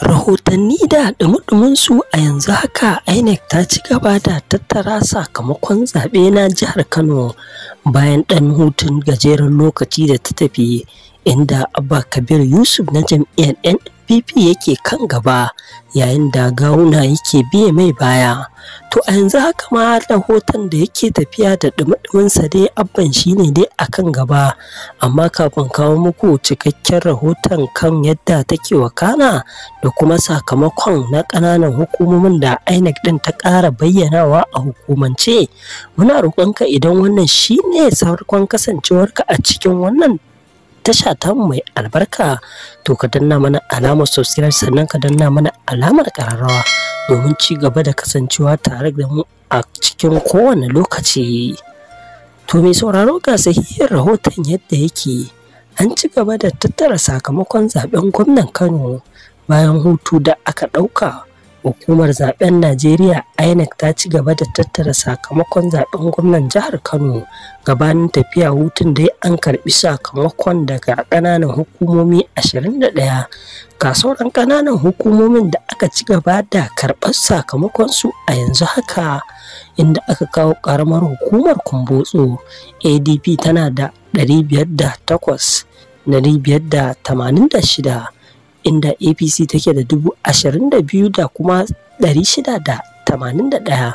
rahotanni da dumudumunsu a yanzu haka inec ta ci gaba da tattara sakamakon zaɓe na jihar kano bayan ɗan hutun gajeren lokaci da ta tafi inda abba kabir yusuf na jam'iyyar PP yake kan gaba yayin da gawuna yake biye mai baya to a yanzu haka ma rahoton da yake tafiya da dumudumunsa dai abban shine dai akan gaba amma kafin kawo muku cikakken rahoton kan yadda take wakana da kuma sakamakon na ƙananan hukumomin da inec din ta ƙara bayyanawa a hukumance muna roƙonka idan wannan shine sakon kasancewarka a cikin wannan tasha ta mai albarka to ka danna mana alamar subscribe sannan ka danna mana alamar kararrawa domin ci gaba da kasancewa tare da mu a cikin kowane lokaci to mai sauraro ga sahihin rahoton yadda yake an ci gaba da tattara sakamakon zaben gwamnan kano bayan hutu da aka ɗauka hukumar zaben najeriya inec ta ci gaba da tattara sakamakon zaben gwamnan jihar kano gabanin tafiya hutun dai an karbi sakamakon daga kananan hukumomi 21 kasuwar kananan hukumomin da aka ci gaba da karɓar sakamakon su a yanzu haka inda aka kawo karamar hukumar kumbotso adp tana da 508 586 inda apc take da dubu ashirin da biyu da kuma ɗari shida da tamanin da ɗaya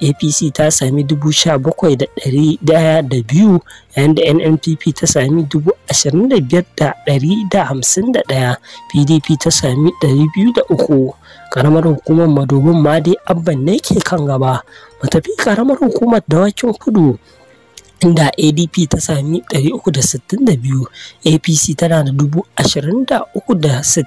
apc ta sami dubu sha bakwai da ɗari daya da biyu yayin da nnpp ta sami dubu ashirin da biyar da ɗari da hamsin da ɗaya pdp ta sami ɗari biyu da uku karamar hukumar madobin ma dai abban ne ke kan gaba mu tafi karamar hukumar dawakin kudu inda adp ta sami uku da da sittin biyu, apc tana da dubu ashirin da da uku sittin.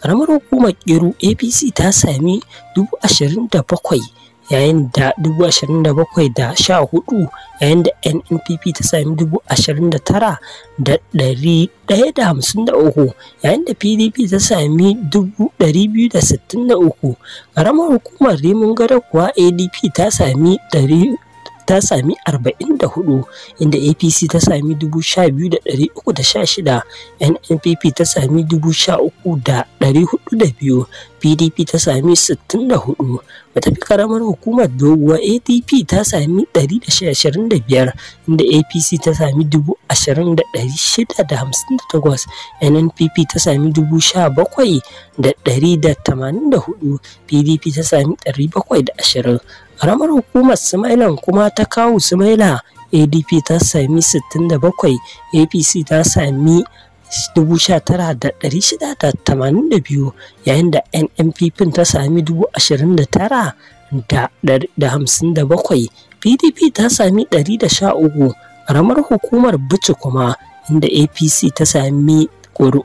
Karamar hukumar Ƙero APC ta sami dubu ashirin da bakwai yayin da dubu ashirin da bakwai da sha hudu yayin da nnpp ta sami dubu ashirin da tara da ɗari ɗaya da hamsin da uku yayin da pdp ta sami dubu ɗari biyu da sittin da uku ƙaramar hukumar rimin gado kuwa adp ta sami ɗari ta sami 44 inda apc ta sami 12,316 nnpp ta sami 13,402 pdp ta sami 64 wata fi karamar hukumar doguwa adp ta sami 125 inda apc ta sami 20,658 nnpp ta sami 17,184 pdp ta sami 720 Karamar hukumar Sumailan kuma ta kawo Sumaila ADP ta sami 67, APC ta sami 19,682 yayin da NNPP ta sami 29,057, PDP ta sami 113, karamar hukumar Bichi kuma inda APC ta sami ƙuri'u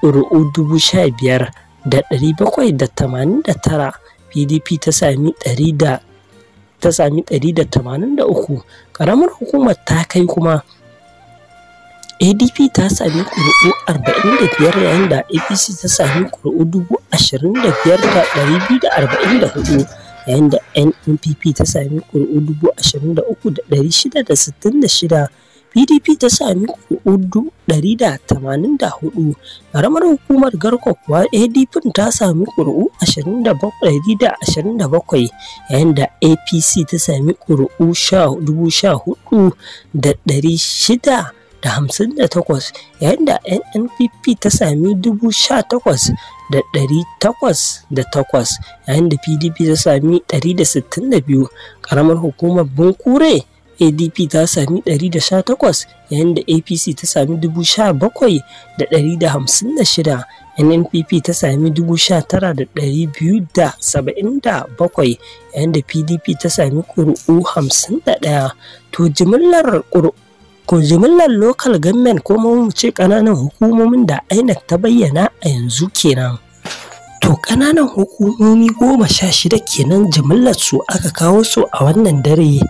ƙuri'u dubu sha biyar da ɗari bakwai da tamanin da tara pdp ta sami ɗari da tamanin da uku ƙaramar hukumar ta kai kuma adp ta sami ƙuri'u arba'in da biyar yayin da apc ta sami ƙuri'u dubu ashirin da biyar da ɗari biyu da arba'in da hudu yayin da nnpp ta sami ƙuri'u dubu ashirin da uku da ɗari shida da sittin da shida pdp ta sami kudu 184 ƙaramar hukumar garko kuwa adp ta sami kuri'u bakwai yayin da apc ta sami kuri'u 14,600 da hamsin da takwas yayin da nnpp ta sami dubu sha takwas da ɗari takwas da takwas yayin da pdp ta sami ɗari da sittin da biyu ƙaramar hukumar bunkure adp ta sami 118 yayin da apc ta sami 17,156 nnpp ta sami 19,277 yayin da pdp ta sami kuru'u 51 to jimillar ko jimillar local government ko mu ce ƙananan hukumomin da INEC ta bayyana a yanzu kenan to ƙananan hukumomi goma sha shida kenan jimillar su aka kawo su a wannan dare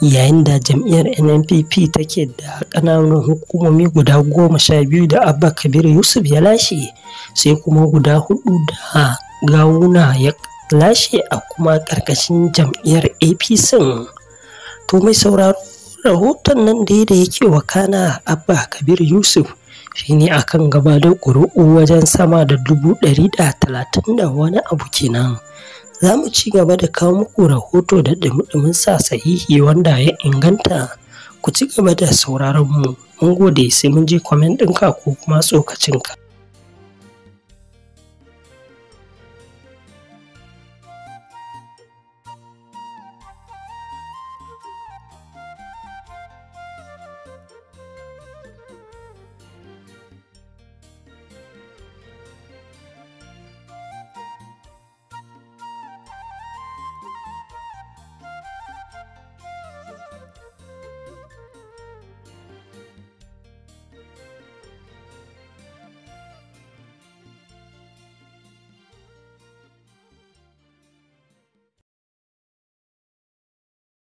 yayin da jam'iyyar nnpp take da ƙananan hukumomi guda goma sha biyu da abba kabir yusuf ya lashe sai kuma guda hudu da gawuna ya lashe a kuma ƙarƙashin jam'iyyar apc to mai sauraro rahoton nan da da yake wakana abba kabir yusuf shine akan gaba da ƙuri'u wajen sama da dubu ɗari da talatin da wani abu kenan za mu ci gaba da kawo muku rahoto da ɗumi sa sahihi wanda ya inganta ku ci gaba da sauraron mu mun gode sai mun je kwamen ɗinka ko kuma tsokacinka